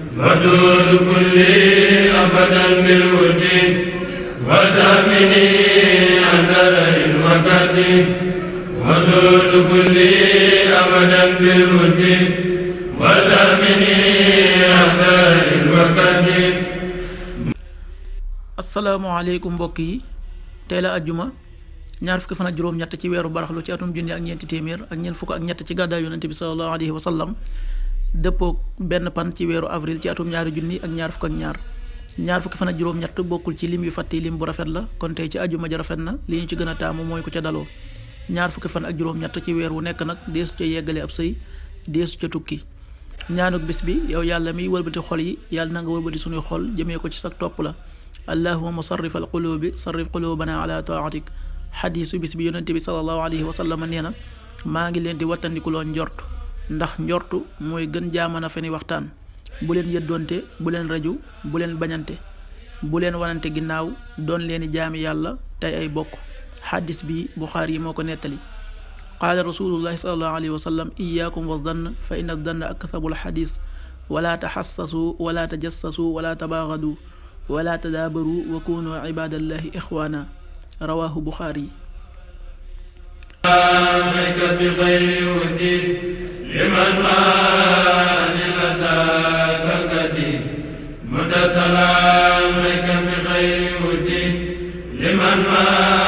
ودود كلي أبدا بالود وتامني أثر الوقت ودود كلي أبدا بالود وتامني أثر الوقت asalaamaaleykum mbokk yi tey la ajjuma ñaar fukki fan ak juróom-ñett ci weeru baraxlu ci atum junni ak ñeenti téeméer ak ñeent fukk ak ñett ci gàddaay yonente bi salallahu alayhi wa dëppoo benn pan ci weeru avril ci atum ñaari junni ak ñaar fukk ak ñaar ñaar fukki fan ak juróom-ñett bokkul ci lim yu fàtte lim bu rafet la kon tey ci ajuma ja rafet na li ñu ci gën a taamu mooy ku ca daloo ñaar fukki fan ak juróom-ñett ci weer wu nekk nag deesu ca yeggalee ab say deesu ca tukki ñaanuk bis bi yow yàlla miy wëlbati xol yi yàlla na nga wëlbati suñuy xol jëmee ko ci sag topp la allahuma sarrif al qulubi sarrif qulubana ala taatik xadiisu bis bi yonente bi salallahu alayhi wa sallam nee na maa ngi leen di wattandiku loon njort ndax njortu mooy gën jaaman a feni waxtaan bu leen yëddoonte bu leen raju bu leen bañante bu leen wanante ginnaaw doon leeni jaami yàlla tey ay bokk xaddis bi buxaar yi moo ko nettali qaala rasulullahi salallahu alayhi wa sallam iyaakum wa dann fa inna dann aktabul xadis wala taxassasu wala tajassasu wala tabaaxadu wala tadaabaru wa kunu ibaadallahi ixwaana rawaahu buxaar yi liman ma